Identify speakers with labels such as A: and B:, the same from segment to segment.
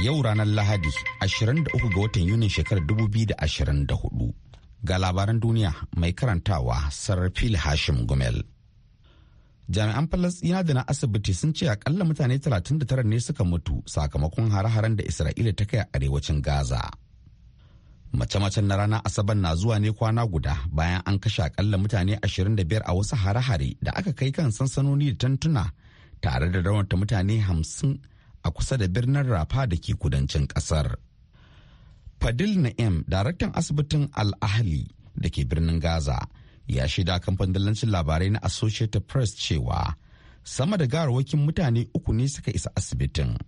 A: Yau ranar Lahadi 23 ga watan Yunin shekarar 2024. Ga labaran duniya mai karantawa sarrafil Hashim Gumel. Jami'an Falasɗina da na asibiti sun ce akalla mutane 39 ne suka mutu sakamakon hare-haren da Isra'ila ta kai a arewacin Gaza. Mace-macen na ranar Asabar na zuwa ne kwana guda bayan an kashe akalla mutane 25 a wasu hare-hare da aka kai kan sansanoni da tantuna tare da raunata mutane hamsin a kusa da birnin rafa da ke kudancin kasar fadil na'im daraktan asibitin al-ahli da ke birnin gaza ya shaida kamfanin dalancin labarai na associated press cewa sama da garawakin mutane uku ne suka isa asibitin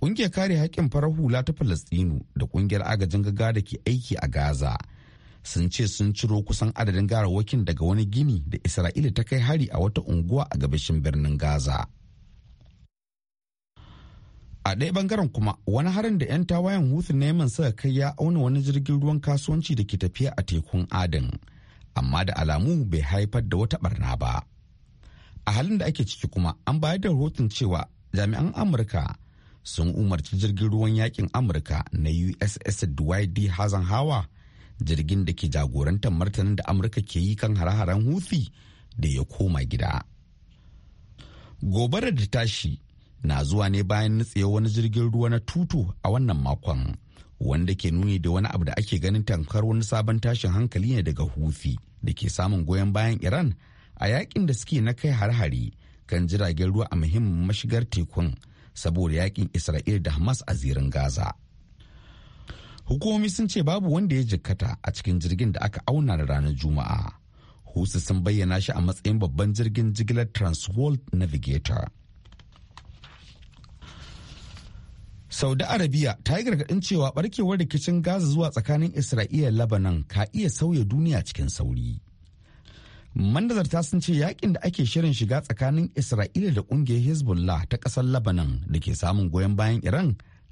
A: ƙungiyar kare haƙƙin farar hula ta falastinu da ƙungiyar agajin gaga da ke aiki a gaza sun ce sun ciro kusan adadin garawakin daga wani gini da isra'ila ta kai hari a wata unguwa a gabashin birnin gaza a ɗaya bangaren kuma wani harin da 'yan tawayen hutu na yaman suka kai ya auna wani jirgin ruwan kasuwanci da ke tafiya a tekun adin amma da alamu bai haifar da wata barna ba a halin da ake ciki kuma an bayar da rahoton cewa jami'an amurka sun umarci jirgin ruwan yakin amurka na uss dwight hazan hawa jirgin da ke jagorantar martanin da amurka ke yi kan hare-haren huthi da ya koma gida gobarar da tashi na zuwa ne bayan nutsewa wani jirgin ruwa na tutu a wannan makon wanda ke nuni da wani abu da ake ganin tankar wani sabon tashin hankali ne daga hufi da ke samun goyon bayan iran a yakin da suke na kai har-hari kan jiragen ruwa a muhimmin mashigar tekun saboda yakin isra'ila da hamas a zirin gaza hukumomi sun ce babu wanda ya jikkata a cikin jirgin da aka auna da ranar juma'a husu sun bayyana shi a matsayin babban jirgin jigilar transworld navigator saudi arabia ta yi gargaɗin cewa barkewar rikicin gaza zuwa tsakanin isra'ila labanan ka iya sauya duniya cikin sauri ta sun ce yakin da ake shirin shiga tsakanin isra'ila da ƙungiyar hezbollah ta ƙasar labanan da ke samun goyon bayan iran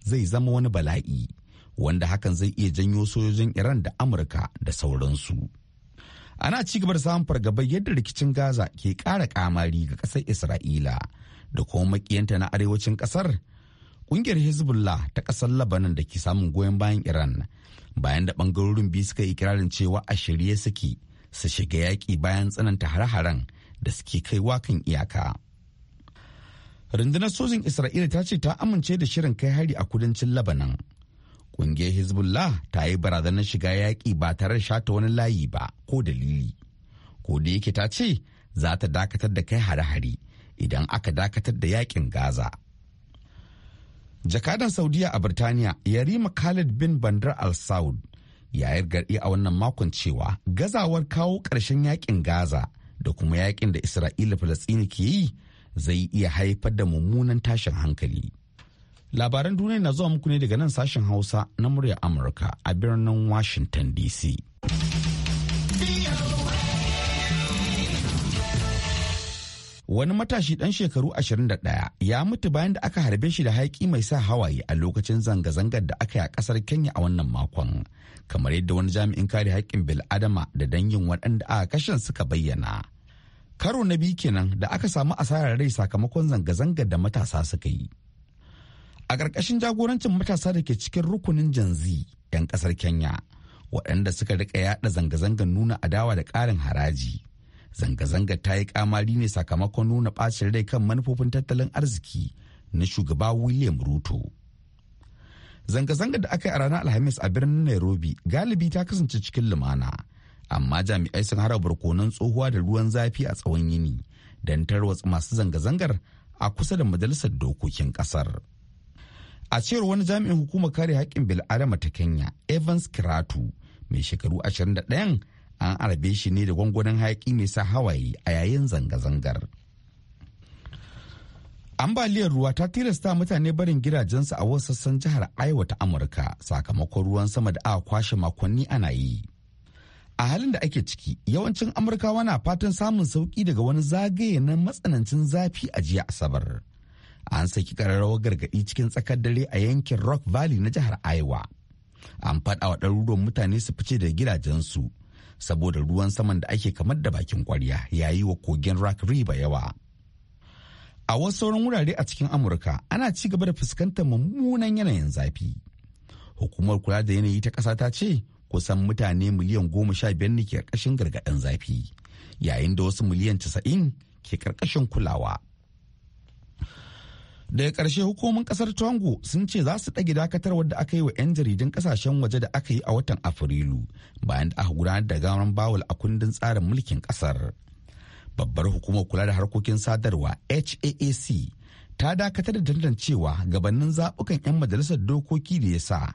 A: zai zama wani bala'i wanda hakan zai iya janyo sojojin iran da amurka da sauransu ana ci gaba da samun fargabar yadda rikicin gaza ke ƙara ƙamari ga ƙasar isra'ila da kuma maƙiyanta na arewacin ƙasar Ƙungiyar Hezbollah ta ƙasar Labanan da ke samun goyon bayan Iran bayan da ɓangarorin biyu suka yi ikirarin cewa a shirye suke su shiga yaƙi bayan tsananta har haren da suke kaiwa kan iyaka. Rundunar sojin Isra'ila ta ce ta amince da shirin kai hari a kudancin Labanan. Ƙungiyar Hezbollah ta yi barazanar shiga yaƙi ba tare da shata wani layi ba ko dalili. Ko da yake ta ce za ta dakatar da kai hare-hare idan aka dakatar da yaƙin Gaza. jakadan saudiya a birtaniya yarima khalid bin bandar al saud ya gari a wannan makon cewa gazawar kawo ƙarshen yakin gaza da kuma yakin da isra'ila falasini ke yi zai iya haifar da mummunan tashin hankali labaran duniya na zuwa muku ne daga nan sashen hausa na murya amurka a birnin washington dc wani matashi dan shekaru 21 ya mutu bayan da aka harbe shi da haiki mai sa hawaye a lokacin zanga-zangar da aka yi a kasar kenya a wannan makon kamar yadda wani jami'in kare haƙƙin bil'adama da dangin waɗanda aka kashen suka bayyana karo na biyu kenan da aka samu asarar rai sakamakon zanga-zangar da matasa suka yi a ƙarƙashin jagorancin matasa da ke cikin rukunin janzi 'yan ƙasar kenya waɗanda suka rika yaɗa zanga-zangar nuna adawa da ƙarin haraji zanga-zangar ta yi kamari ne sakamakon nuna bacin rai kan manufofin tattalin arziki na shugaba william ruto zanga-zangar da aka yi a ranar alhamis a birnin nairobi galibi ta kasance cikin lumana amma jami'ai sun hara barkonon tsohuwa da ruwan zafi a tsawon yini don tarwatsa masu zanga-zangar a kusa da majalisar dokokin kasar a cewar wani jami'in hukumar kare haƙƙin bil'adama ta kenya evans kiratu mai shekaru 21 an arbe shi ne da gwangwanin hayaki mai sa hawaye a yayin zanga-zangar ambaliyar ruwa ta tilasta mutane barin gidajensu a wasu sassan jihar aiwa ta amurka sakamakon ruwan sama da aka kwashe makonni ana yi a halin da ake ciki yawancin amurkawa na fatan samun sauƙi daga wani zagaye na matsanancin zafi a jiya asabar an saki ƙararrawar gargaɗi cikin tsakar dare a yankin rock valley na jihar iowa an faɗa wa ɗaruruwan mutane su fice da gidajensu saboda ruwan saman da ake kamar da bakin kwarya yayi wa kogin Rock River yawa. A wasu sauran wurare a cikin Amurka ana ci gaba da fuskantar mummunan yanayin zafi. Hukumar kula da yanayi ta ƙasa ta ce kusan mutane miliyan goma sha biyar ne ke karkashin gargaɗin zafi, yayin da wasu miliyan casa'in ke ƙarƙashin kulawa. daga ƙarshe hukumomin ƙasar tongo sun ce za su ɗage dakatar wadda aka yi wa 'yan jaridun ƙasashen waje da aka yi a watan afrilu bayan da aka gudanar da gawar bawul a kundin tsarin mulkin ƙasar babbar hukumar kula da harkokin sadarwa haac ta dakatar da tantancewa gabanin zaɓukan 'yan majalisar dokoki da ya sa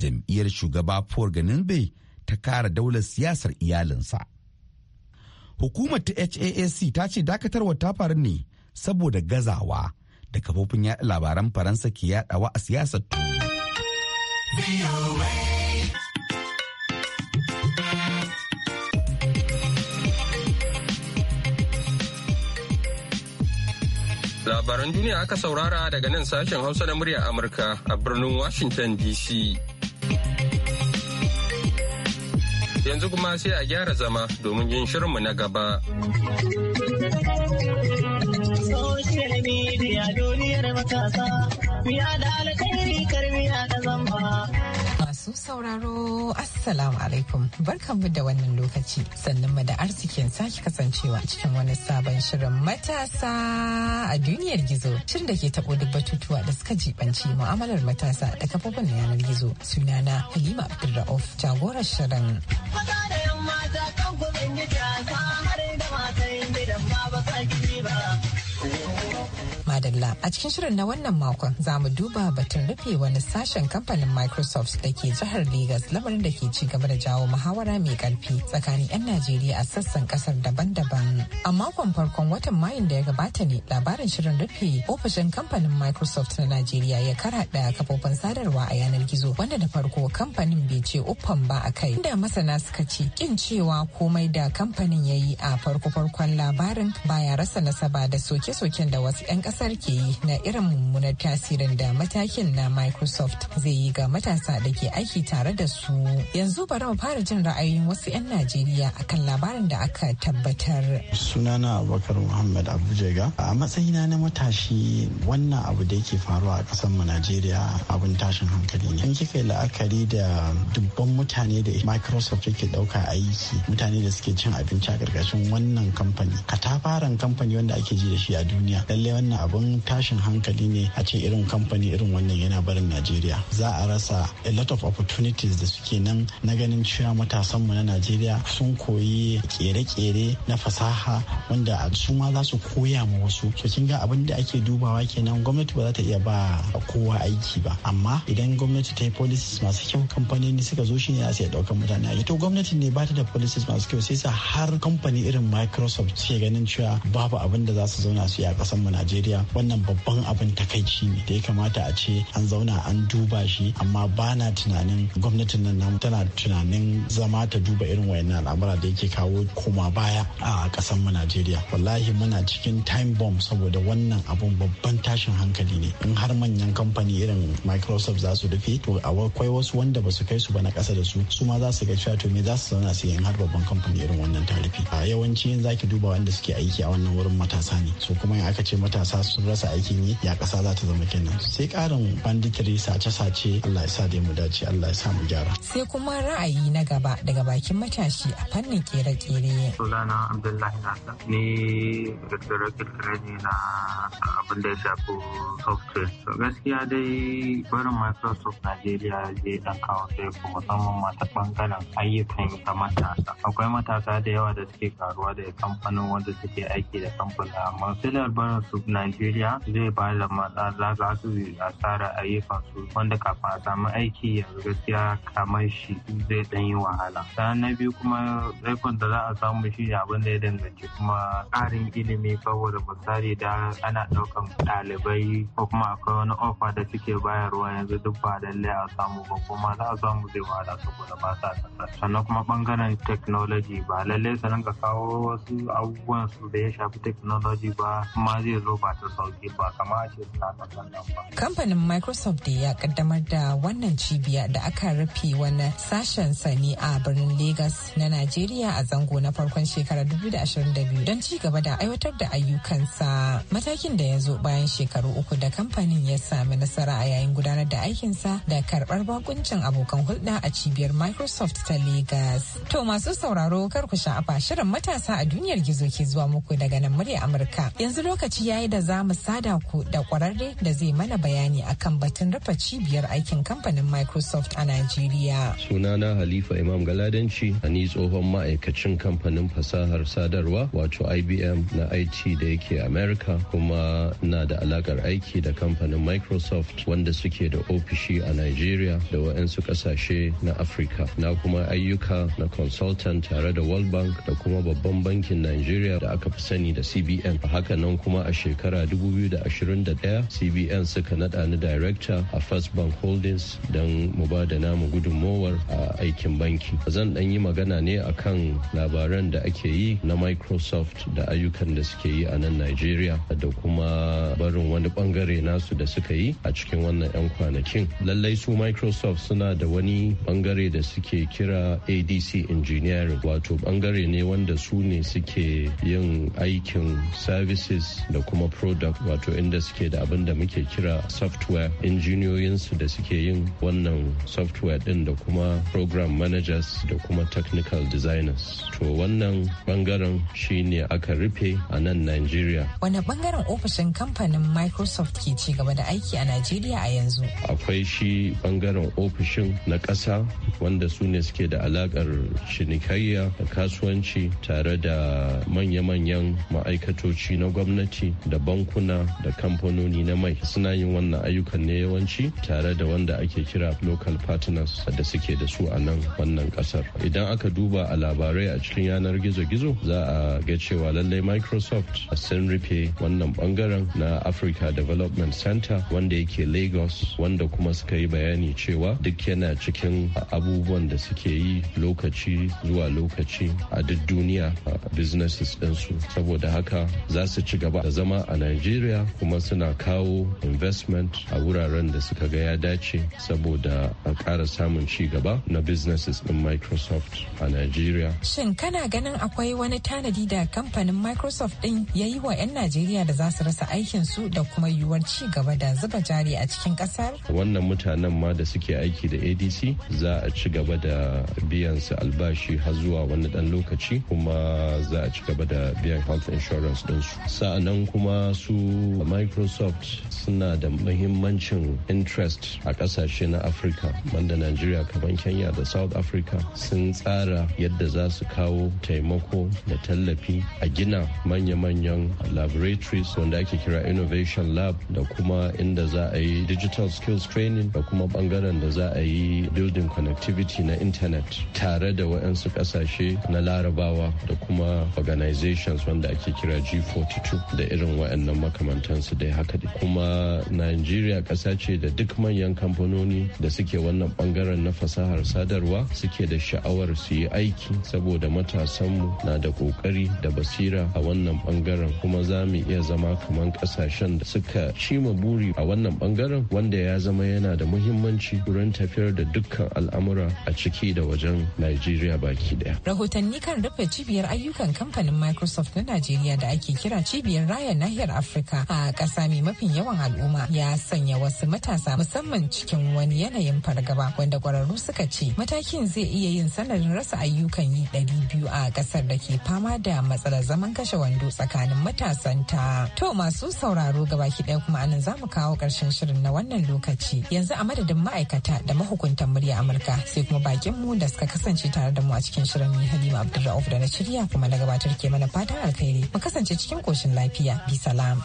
A: jam'iyyar shugaba paul ganinbe ta kara daular siyasar iyalinsa hukumar ta haac ta ce dakatarwa ta faru ne saboda gazawa da kafofin yaɗa labaran faransa ke yaɗawa a siyasar
B: Labaran duniya aka saurara daga nan sashen Hausa na murya Amurka a birnin Washington DC. Yanzu kuma sai a gyara zama domin yin shirinmu na gaba.
C: masu sauraro assalamu alaikum barkanmu da wannan lokaci sannan mu da arzikin sake kasancewa cikin wani sabon shirin matasa a duniyar gizo shirin da ke tabo duk batutuwa da suka jibanci mu'amalar matasa da kafofin yanar gizo sunana halima abdulrauf jagorar shirin A cikin shirin na wannan makon za mu duba batun rufe wani sashen kamfanin Microsoft da ke jihar Legas lamarin da ke ci gaba da jawo muhawara mai karfi tsakanin 'yan Najeriya a sassan ƙasar daban-daban. A makon farkon watan Mayun da ya gabata ne labarin shirin rufe ofishin kamfanin Microsoft na Najeriya ya karaɗa kafofin sadarwa a yanar gizo wanda da farko kamfanin bai ce uffan ba a kai. Inda masana suka ce kin cewa komai da kamfanin ya yi a farko-farkon labarin baya rasa nasaba da soke-soken da wasu 'yan kasar ke ke yi na irin mummunar tasirin da matakin na Microsoft zai yi ga matasa da ke aiki tare da su. Yanzu bari mu fara jin ra'ayoyin wasu 'yan Najeriya akan labarin da aka tabbatar.
D: Sunana Abubakar Muhammad Abujega a matsayina na matashi wannan abu da yake faruwa a ƙasar mu Najeriya abin tashin hankali ne. In kika yi la'akari da dubban mutane da Microsoft yake ɗauka aiki mutane da suke cin abinci a ƙarƙashin wannan kamfani. Katafaren kamfani wanda ake ji da shi a duniya. Lallai wannan abun tashin hankali ne a ce irin kamfani irin wannan yana barin najeriya za a rasa a lot of opportunities da suke nan na ganin cewa matasanmu na najeriya sun koyi kere-kere na fasaha wanda su ma za su koya ma wasu so kin ga abin da ake dubawa kenan gwamnati ba za ta iya ba kowa aiki ba amma idan gwamnati ta yi policies masu kyau kamfani ne suka zo shi ne za su iya ɗaukar mutane A to gwamnati ne ba ta da policies masu kyau sai sa har kamfani irin microsoft suke ganin cewa babu abin da za su zauna su yi a ƙasar mu najeriya wannan wannan babban abin takaici ne da ya kamata a ce an zauna an duba shi amma ba na tunanin gwamnatin nan namu tana tunanin zama ta duba irin wayannan al'amura da yake kawo koma baya a kasan mu Najeriya wallahi muna cikin time bomb saboda wannan abun babban tashin hankali ne in har manyan kamfani irin Microsoft za su rufe to akwai wasu wanda ba su kai su ba na kasa da su su ma za su ga cewa to me za su zauna su yi in har babban kamfani irin wannan ta rufe a yawanci in zaki duba wanda suke aiki a wannan wurin matasa ne so kuma in aka ce matasa su rasa kasa aikin yi ya ƙasa za ta zama kenan sai karin banditiri sace-sace Allah ya sa dai mu dace Allah ya sa mu gyara.
C: Sai kuma ra'ayi na gaba daga bakin matashi a fannin kere-kere.
D: Sunana Abdullahi Nasa ni
B: kirkire-kirkire ne na abin da ya shafi software. To gaskiya dai barin Microsoft nigeria ya dan kawo sai ku musamman mata bangaren ayyukan ta matasa. Akwai matasa da yawa da suke karuwa da kamfanin wanda suke aiki da kamfanin amma sai barin su nigeria. ya zai ba da matsala za su asara yi su wanda kafin a samu aiki yanzu gaskiya kamar shi zai dan yi wahala sannan na biyu kuma aikon da za a samu shi ne abin da ya danganci kuma karin ilimi saboda misali da ana ɗaukan ɗalibai ko kuma akwai wani ofa da suke bayarwa yanzu duk ba lallai a samu ba kuma za a samu zai wahala saboda ba sa sannan kuma bangaren
C: technology ba lallai su ka
B: kawo wasu abubuwan su da ya shafi technology ba kuma zai zo ba ta sauki ba kama ta nan ba.
C: Kamfanin Microsoft da ya kaddamar da wannan cibiya da aka rufe wani sashen sani a birnin Legas na Najeriya a zango na farkon shekarar 2022 don ci gaba da aiwatar da ayyukansa. Matakin da ya zo bayan shekaru uku da kamfanin ya sami nasara a yayin gudanar da aikinsa da karbar bakuncin abokan hulɗa a cibiyar Microsoft ta Legas. To masu sauraro kar ku sha'afa shirin matasa a duniyar gizo ke zuwa muku daga nan murya Amurka. Yanzu lokaci ya yi da za mu sada ku da kwararre da zai mana bayani akan batun rufe cibiyar aikin kamfanin Microsoft a Najeriya.
E: Sunana Halifa Imam Galadanci, a ni tsohon ma'aikacin kamfanin fasahar sadarwa wato IBM na IT da yake America kuma na da alakar aiki da kamfanin Microsoft wanda suke da ofishi a Najeriya da waɗansu ƙasashe na Afrika. Na kuma ayyuka na consultant tare da World Bank da kuma babban bankin Najeriya da aka fi sani da CBN. Haka nan kuma a shekara dubu 2021 cbn suka nada ni director a first bank holdings don mu ba da namu gudunmowar a aikin banki zan dan yi magana ne akan labaran da ake yi na microsoft da ayyukan da suke yi a nan nigeria da kuma barin wani bangare nasu da suka yi a cikin wannan 'yan kwanakin lallai su microsoft suna da wani bangare da suke kira adc engineering wato bangare ne wanda su ne suke yin aikin services da kuma product wato inda suke da abin da muke kira software injiniyoyinsu da suke yin wannan software din da kuma program managers da kuma technical designers to wannan bangaren ne aka rufe a nan nigeria
C: wani bangaren ofishin kamfanin microsoft ke ci gaba da aiki a nigeria a yanzu
E: akwai shi bangaren ofishin na ƙasa wanda su ne suke da alaƙar shinikayya da kasuwanci tare da manya-manyan ma'aikatoci na gwamnati da bankuna bankuna da kamfanoni na mai suna yin wannan ayyukan ne yawanci tare da wanda ake kira local partners da suke da su a nan wannan kasar idan aka duba a labarai a cikin yanar gizo-gizo za a ga cewa lallai microsoft sun rufe wannan bangaren na africa development center wanda yake lagos wanda kuma suka yi bayani cewa duk yana cikin abubuwan da suke yi lokaci zuwa lokaci a duk duniya a businesses ɗinsu saboda haka za su ci gaba da zama a nigeria Najeriya kuma suna kawo investment a wuraren da suka ga ya dace saboda a ƙara samun ci gaba na businesses in Microsoft a Najeriya.
C: Shin kana ganin akwai wani tanadi da kamfanin Microsoft ɗin ya yi wa 'yan Najeriya da za su rasa aikin su da kuma yiwuwar ci gaba da zuba jari a cikin ƙasar?
E: Wannan mutanen ma da suke aiki da ADC za a ci gaba da biyan su albashi har zuwa wani ɗan lokaci kuma za a ci gaba da biyan health insurance ɗinsu. Sa'annan kuma su microsoft suna da mahimmancin interest a kasashe na afirka banda nigeria kamar kenya da south africa sun tsara yadda za su kawo taimako da tallafi a gina manya-manyan laboratories wanda ake kira innovation lab da kuma inda za a yi digital skills training da kuma bangaren da za a yi building connectivity na internet tare da waɗansu kasashe na larabawa da kuma organizations wanda ake kira g42 da irin waɗannan makamantansu dai haka dai kuma nigeria ƙasa ce da duk manyan kamfanoni da suke wannan bangaren na fasahar sadarwa suke da sha'awar su yi aiki saboda matasanmu na da ƙoƙari da basira a wannan bangaren kuma za mu iya zama kamar kasashen da suka cima buri a wannan bangaren wanda ya zama yana da muhimmanci wurin tafiyar da dukkan al'amura a ciki da wajen nigeria baki daya
C: rahotanni kan rufe cibiyar ayyukan kamfanin microsoft na najeriya da ake kira cibiyar raya nahiyar afirka Afirka a ƙasa mai mafi yawan al'umma ya sanya wasu matasa musamman cikin wani yanayin fargaba wanda ƙwararru suka ce matakin zai iya yin sanadin rasa ayyukan yi ɗari biyu a ƙasar da ke fama da matsalar zaman kashe wando tsakanin matasanta. To masu sauraro gabaki ɗaya kuma anan za mu kawo ƙarshen shirin na wannan lokaci yanzu a madadin ma'aikata da mahukuntan murya Amurka sai kuma bakin mu da suka kasance tare da mu a cikin shirin ni Halima Abdulrauf da na shirya kuma na gabatar ke mana fatan alkhairi mu kasance cikin koshin lafiya bi salam.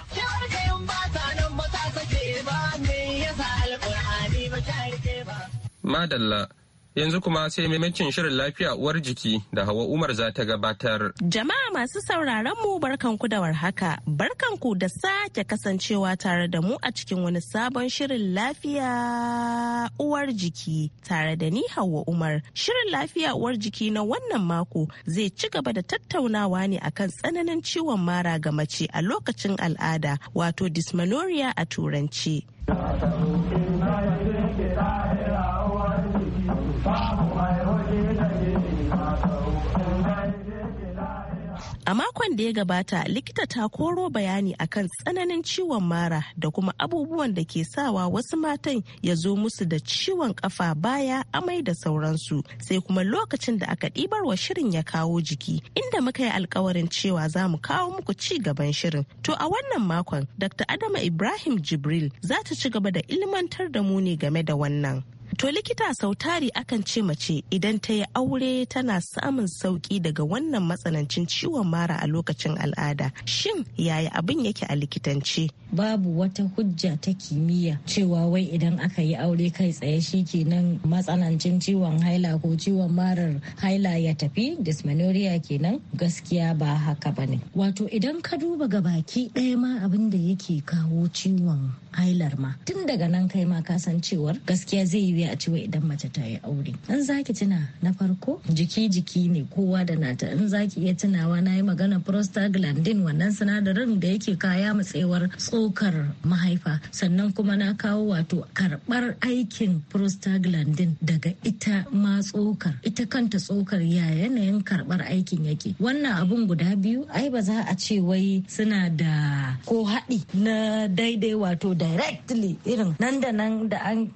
B: Madalla Yanzu kuma sai maimacin shirin lafiya uwar jiki da Hawa Umar za ta gabatar.
F: Jama'a masu sauraron mu barkanku da warhaka. Barkanku da sake kasancewa tare da mu a cikin wani sabon shirin lafiya uwar jiki tare da ni Hawa Umar. Shirin lafiya uwar jiki na wannan mako zai ci gaba da tattaunawa ne akan tsananin ciwon mara ga mace a lokacin al'ada wato dysmenorrhea a turanci. A makon da ya gabata likita ta koro bayani akan tsananin ciwon mara da kuma abubuwan da ke sawa wasu matan ya zo musu da ciwon kafa baya amai da sauransu sai kuma lokacin da aka ɗibar wa shirin ya kawo jiki inda muka yi alkawarin cewa za mu kawo muku ci gaban shirin. To a wannan makon Dr. Adama Ibrahim Jibril za ta ci gaba da ilmantar da mu ne game da wannan. To likita sautari akan ce mace idan ta yi aure tana samun sauki daga wannan matsanancin ciwon mara a lokacin al'ada. Shin yaya abin yake a likitance?
G: Babu wata hujja ta kimiyya cewa wai idan aka yi aure kai tsaye shi kenan matsanancin ciwon haila ko ciwon marar haila ya tafi dysmenorrhea kenan gaskiya ba haka bane. Wato idan ka duba ga baki ɗaya ma abin da yake kawo ciwon hailar ma tun daga nan kai ma ka cewar gaskiya zai yi a cewa idan mace ta yi aure in zaki tuna na farko jiki jiki ne kowa da nata in zaki iya tunawa na yi magana prostaglandin wannan sinadarin da yake kaya matsewar tsokar mahaifa sannan kuma na kawo wato karbar aikin prostaglandin daga ita ma tsokar ita kanta tsokar ya yanayin karbar aikin yake wannan abun guda biyu ai ba za a ce wai suna da ko haɗi na daidai wato directly irin nan da nan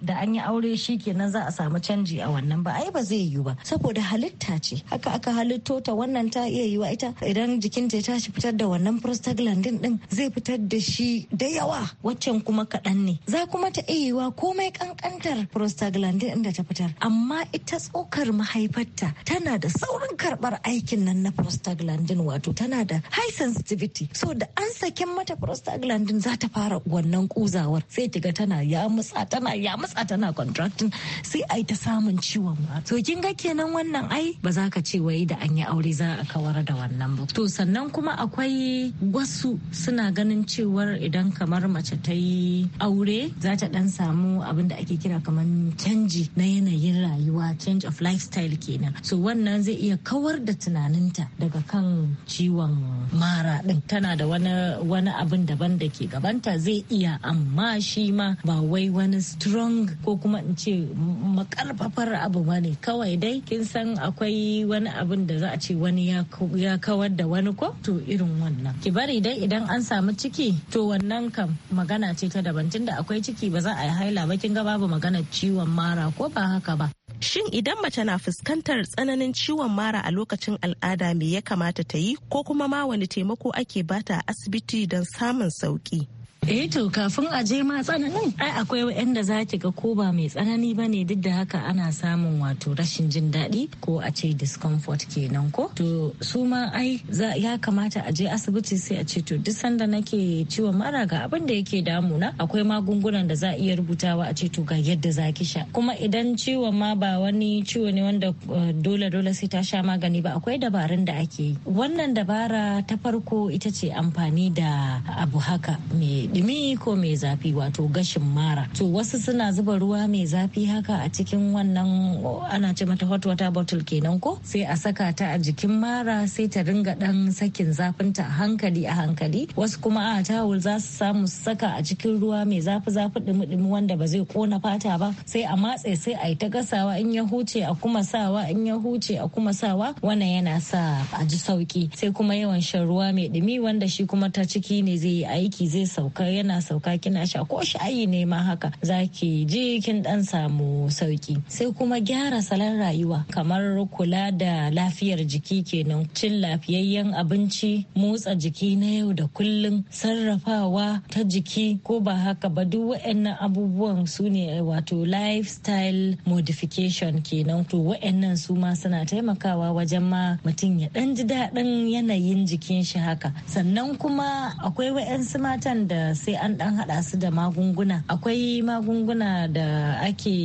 G: da an yi aure shi kenan za a samu canji a wannan ba ai ba zai yiwu ba saboda halitta ce haka aka halitto ta wannan ta iya yiwa ita idan jikinta ta shi fitar da wannan prostaglandin din zai fitar da shi da yawa waccan kuma kaɗan ne za kuma ta iya yiwa komai kankantar prostaglandin da ta fitar amma ita tsokar mahaifarta tana da saurin karɓar aikin nan na prostaglandin wato tana da high sensitivity so da an sakin mata prostaglandin za ta fara wannan kuza gazawar sai ki ga tana ya musa tana ya musa tana contracting sai ai ta samun ciwon ba to kin ga kenan wannan ai ba za ka ce wai da an yi aure za a kawar da wannan ba to sannan kuma akwai wasu suna ganin cewar idan kamar mace ta yi aure za ta dan samu abin da ake kira kamar canji na yanayin rayuwa change of lifestyle kenan so wannan zai iya kawar da tunaninta daga kan ciwon mara din tana da wani abin daban da ke gabanta zai iya am amma shi ma ba wai wani strong ko kuma in ce makarfafar abu ba ne kawai dai kin san akwai wani abin da za a ce wani ya kawar da wani ko to irin wannan ki bari dai idan an samu ciki to wannan kam magana ce ta daban da akwai ciki ba za a yi haila ba kin ga babu maganar ciwon mara ko ba haka ba Shin idan mace na fuskantar tsananin ciwon
F: mara a lokacin al'ada me ya kamata ta yi ko kuma ma wani taimako ake bata a asibiti
G: don samun
F: sauki?
G: Eh to kafin a je ma tsananin ai akwai waɗanda za ki ga ko ba mai tsanani ba ne duk da haka ana samun wato rashin jin daɗi ko a ce discomfort kenan ko. To su ma ai ya kamata a je asibiti sai a ce to duk sanda nake ciwon mara ga abin da yake na akwai magungunan da za a iya rubutawa a ce to ga yadda za ki sha. Kuma idan ciwon ma ba wani ciwo ne wanda eh, dole dole sai ta sha magani ba akwai dabarun da ake yi. Wannan dabara ta farko ita ce amfani da abu haka mai ɗumi ko mai zafi wato gashin mara to wasu suna zuba ruwa mai zafi haka a cikin wannan ana ce mata hot water bottle kenan ko sai a saka ta a jikin mara sai ta ringa ɗan sakin zafinta a hankali a hankali wasu kuma a tawul za su samu saka a cikin ruwa mai zafi zafi ɗumi-ɗumi wanda ba zai kona fata ba sai a matse sai a yi ta gasawa in ya huce a kuma sawa in ya huce a kuma sawa wannan yana sa a ji sauki sai kuma yawan shan ruwa mai ɗumi wanda shi kuma ta ciki ne zai yi aiki zai sauka sauka yana sauka kina sha ko shayi ne ma haka zaki ji kin dan samu sauki sai kuma gyara salon rayuwa kamar kula da lafiyar jiki kenan cin lafiyayyen abinci motsa jiki na yau da kullum sarrafawa ta jiki ko ba haka ba duk wa'annan abubuwan su ne eh, wato lifestyle modification kenan to wa'annan su ma suna taimakawa wajen ma mutum ya dan ji daɗin yanayin jikin shi haka sannan kuma akwai wa'yansu matan da sai an dan hada su da magunguna akwai magunguna da ake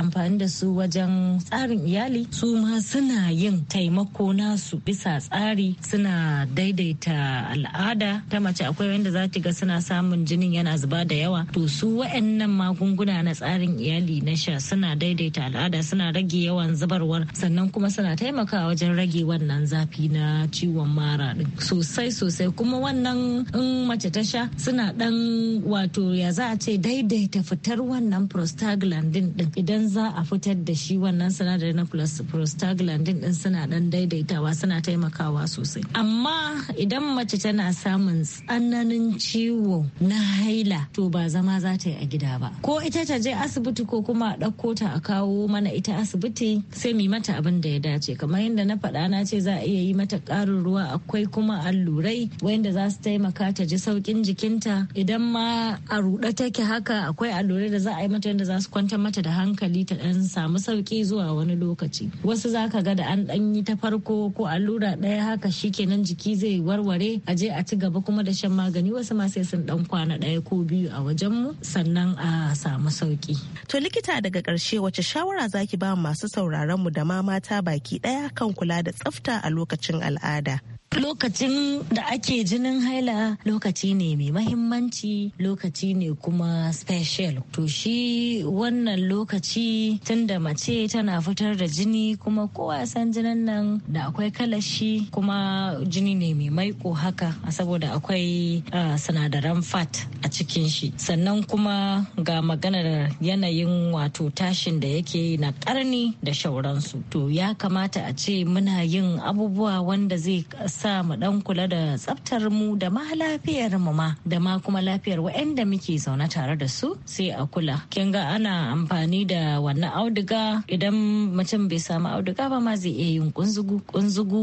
G: amfani da su wajen tsarin iyali su ma suna yin taimako nasu bisa tsari suna daidaita al'ada ta mace akwai wanda za ga suna samun jinin yana zuba da yawa to su wa'annan magunguna na tsarin iyali na sha suna daidaita al'ada suna rage yawan zubarwar sannan kuma suna taimakawa wajen rage wannan zafi na ciwon mara sosai sosai kuma wannan in mace ta sha suna dan wato ya za a ce daidaita fitar wannan prostaglandin din idan za a fitar da shi wannan sinadari na prostaglandin din suna dan daidaitawa suna taimakawa sosai amma idan mace tana samun tsananin ciwo na haila to ba zama za ta yi a gida ba ko ita ta je asibiti ko kuma a ɗauko ta a kawo mana ita asibiti sai mu mata abin da ya dace kamar yadda na faɗa na ce za a iya yi mata ƙarin ruwa akwai kuma allurai wanda za su taimaka ta ji sauƙin jikinta idan ma a ruɗe take haka akwai allurai da za a yi mata yadda za su kwantar mata da hankali ta ɗan samu sauki zuwa wani lokaci wasu za ka ga da an ɗan yi ta farko ko allura ɗaya haka shi shikenan jiki zai warware a je a ci gaba kuma da shan magani wasu ma sai sun ɗan kwana ɗaya ko biyu a wajen mu sannan a samu sauki. To
F: likita daga ƙarshe wace shawara zaki ba masu sauraron mu da ma mata baki ɗaya kan kula da tsafta a lokacin al'ada?
G: Lokacin da ake jinin haila lokaci ne mai mahimmanci lokaci ne kuma special. To shi wannan lokaci tun da mace tana fitar da jini kuma kowa san jinin nan da akwai kalashi kuma jini ne mai maiko haka saboda akwai sinadaran fat a cikin shi. Sannan kuma ga maganar yanayin wato tashin da yake na karni da shauransu. To ya kamata a ce muna yin abubuwa wanda zai sa mu dan kula da tsaftar mu da ma lafiyar mu ma da ma kuma lafiyar waɗanda muke zaune tare da su sai a kula kin ga ana amfani da wannan auduga idan mutum bai samu auduga ba ma zai iya yin kunzugu kunzugu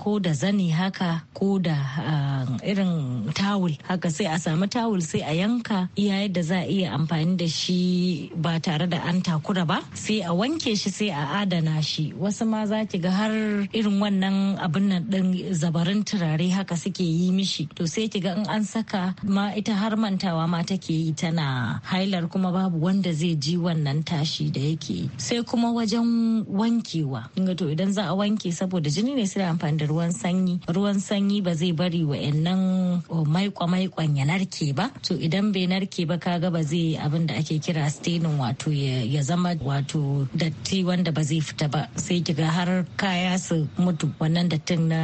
G: ko da zani haka ko da ah, irin tawul haka sai a samu tawul sai a yanka iya yadda za a iya amfani da shi ba tare da an takura ba sai a wanke shi sai a adana shi wasu ma za ki ga har irin wannan abin nan din zaba barin turare haka suke yi mishi to sai kiga in an saka ma ita har mantawa ma take yi tana hailar kuma babu wanda zai ji wannan tashi da yake sai kuma wajen wankewa inga to idan za a wanke saboda jini ne sai amfani da ruwan sanyi ruwan sanyi ba zai bari wa yannan oh, maikwa-maikwan ya narke ba to idan bai narke ba kaga ba zai abin da ake kira stenin wato ya zama wato datti wanda ba zai fita ba sai kiga har kaya su mutu wannan dattin na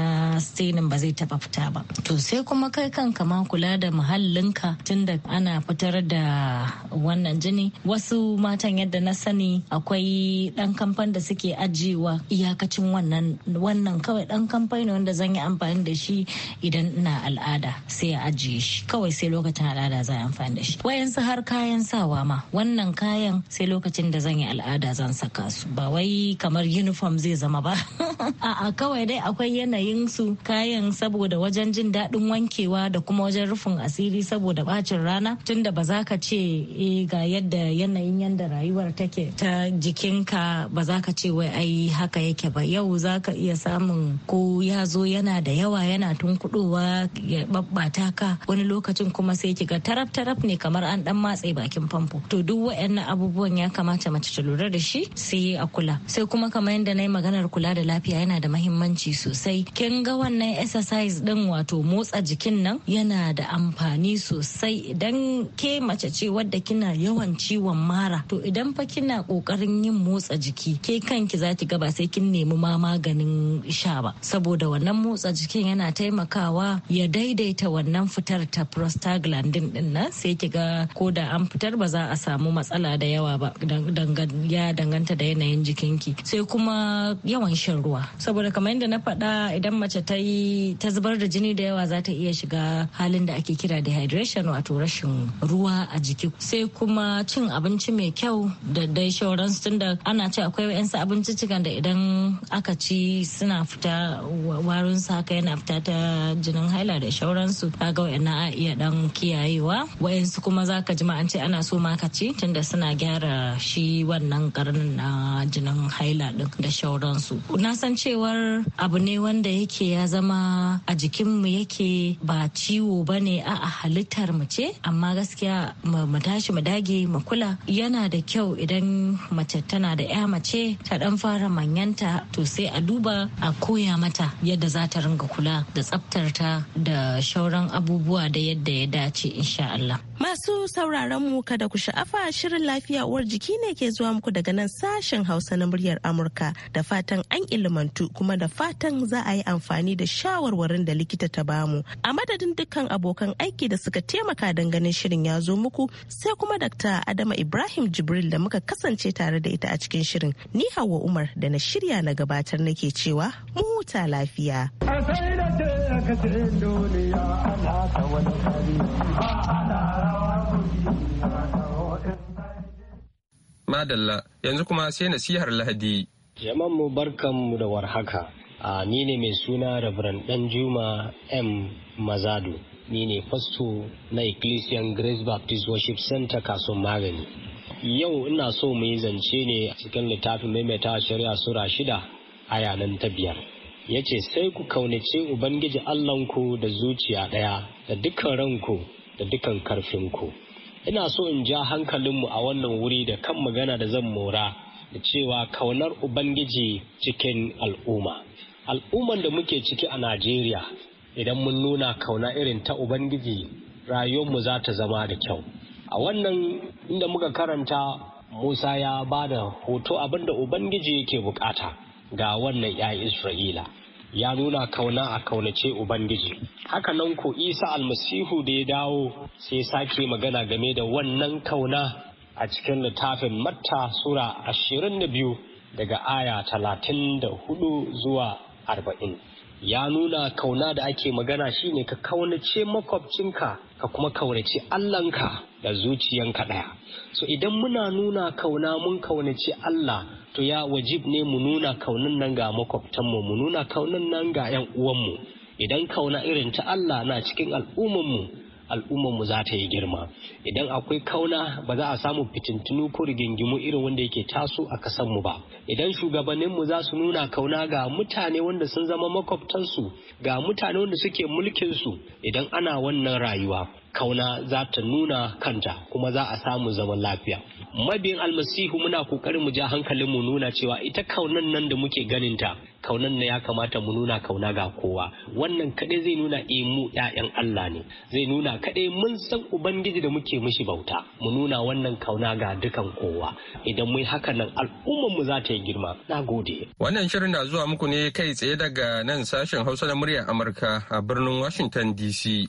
G: vaccine ba zai taba fita ba to sai kuma kai kanka ma kula da muhallinka tunda ana fitar da wannan jini wasu matan yadda na sani akwai dan kamfan da suke ajiyewa iyakacin wannan wannan kawai dan kamfani wanda zan yi amfani da shi idan ina al'ada sai a ajiye shi kawai sai lokacin al'ada zan yi amfani da shi wayansu har kayan sawa ma wannan kayan sai lokacin da zan yi al'ada zan saka su ba wai kamar uniform zai zama ba a'a kawai dai akwai yanayin su kayan saboda wajen jin daɗin wankewa da kuma wajen rufin asiri saboda bacin rana tunda ba za ka ce eh, ga yadda yanayin yadda rayuwar take ta jikinka ba za ka ce wai ai haka yake ba yau za ka iya samun ko ya zo yana da yawa yana tunkuɗowa ya babbata ka wani lokacin kuma sai ki ga taraf taraf ne kamar an dan matse bakin famfo to duk waɗannan abubuwan ya kamata mace ta lura da shi sai a kula sai kuma kamar yadda na yi maganar kula da lafiya yana da mahimmanci sosai kin ga wannan wannan exercise din wato motsa jikin nan yana da amfani sosai idan ke mace ce wadda kina yawan ciwon mara to idan fa kina kokarin yin motsa jiki ke kanki za ki gaba sai kin nemi ma maganin sha ba saboda wannan motsa jikin yana taimakawa ya daidaita wannan fitar ta prostaglandin din nan sai ki ga ko da an fitar ba za a samu matsala da yawa ba ya danganta da yanayin jikinki sai kuma yawan shan ruwa saboda kamar yadda na faɗa idan mace ta yi jiki ta zubar da jini da yawa za ta iya shiga halin da ake kira dehydration wato rashin ruwa a jiki sai kuma cin abinci mai kyau da dai shauransu tunda ana ce akwai wa'yansu cikin da idan aka ci suna fita warin haka yana fita ta jinin haila da shauransu kaga wa'yannan a iya dan kiyayewa wa'yansu kuma zaka ji ma an ce ana so ma ka ci tunda suna gyara shi wannan karnin na jinin haila din da shauransu na san cewar abu ne wanda yake ya zama zama a jikinmu yake ba ciwo ba ne a halittar mu ce amma gaskiya mu tashi mu dage mu kula yana da kyau idan mace tana da ya mace ta dan fara manyanta to sai a duba a koya mata yadda za ta ringa kula da tsaftarta da shauran abubuwa da yadda ya dace insha Allah.
F: Masu sauraron mu kada ku sha'afa shirin lafiya uwar jiki ne ke zuwa muku daga nan sashen Hausa na muryar Amurka da fatan an ilimantu kuma da fatan za a yi amfani da da shawarwarin da likita ta bamu. A madadin dukkan abokan aiki da suka taimaka don ganin shirin ya zo muku sai kuma dakta Adama Ibrahim Jibril da muka kasance tare da ita a cikin shirin. Ni Hauwa Umar da na shirya na gabatar nake cewa mu huta lafiya.
B: Madalla yanzu kuma sai nasihar Lahadi.
H: Jaman mu barkan mu da warhaka. Uh, ni ne mai suna Reverend Juma M. Mazadu Ni ne fasto na Ecclesian Grace Baptist Worship Center kasuwan magani. Yau ina so mu yi zance ne a cikin littafin maimaita shari'a Sura shida a yanan ta biyar. Ya ce sai ku kaunace Ubangiji Allahnku da zuciya ɗaya da dukkan ranku da dukkan karfinku. Ina so in ja hankalinmu a wannan wuri da kan magana da zan mora da cewa kaunar Ubangiji cikin al'umma. al'umman da muke ciki a najeriya idan mun nuna kauna irin ta ubangiji rayuwarmu za ta zama da kyau a wannan inda muka karanta musa ya ba da hoto abinda ubangiji yake bukata ga wannan ya isra'ila ya nuna kauna a kaunace ubangiji haka nan ko isa almasihu da ya dawo sai sake magana game da wannan kauna a cikin littafin matta sura biyu daga aya talatin da hudu zuwa arba'in ya nuna kauna da ake magana shine ka kaunace makwabcinka ka kuma kaunaci Allahnka da zuciyanka ɗaya so idan muna nuna kauna mun kaunaci Allah to ya wajib ne mu nuna kaunan nan ga makwabtanmu mu nuna kaunan nan ga 'yan uwanmu idan kauna irin ta Allah na cikin al'ummanmu al'ummar mu za ta yi girma idan akwai kauna ba za a samu fitintunu ko rigingimu irin wanda yake taso a kasan mu ba idan shugabanninmu mu za su nuna kauna ga mutane wanda sun zama makwabtansu ga mutane wanda suke mulkin su idan ana wannan rayuwa kauna za ta nuna kanta kuma za a samu zaman lafiya mabiyin almasihu muna kokarin mu ja hankalin mu nuna cewa ita kaunan nan da muke ganinta kaunan na ya kamata mu nuna kauna ga kowa wannan kaɗai zai nuna e mu yayan Allah ne zai nuna kaɗai mun san ubangiji da muke mishi bauta mu nuna wannan kauna ga dukan kowa idan mun haka nan al'ummar mu za ta yi girma na gode
B: wannan shirin na zuwa muku ne kai tsaye daga nan sashen Hausa da muryar Amurka a birnin Washington DC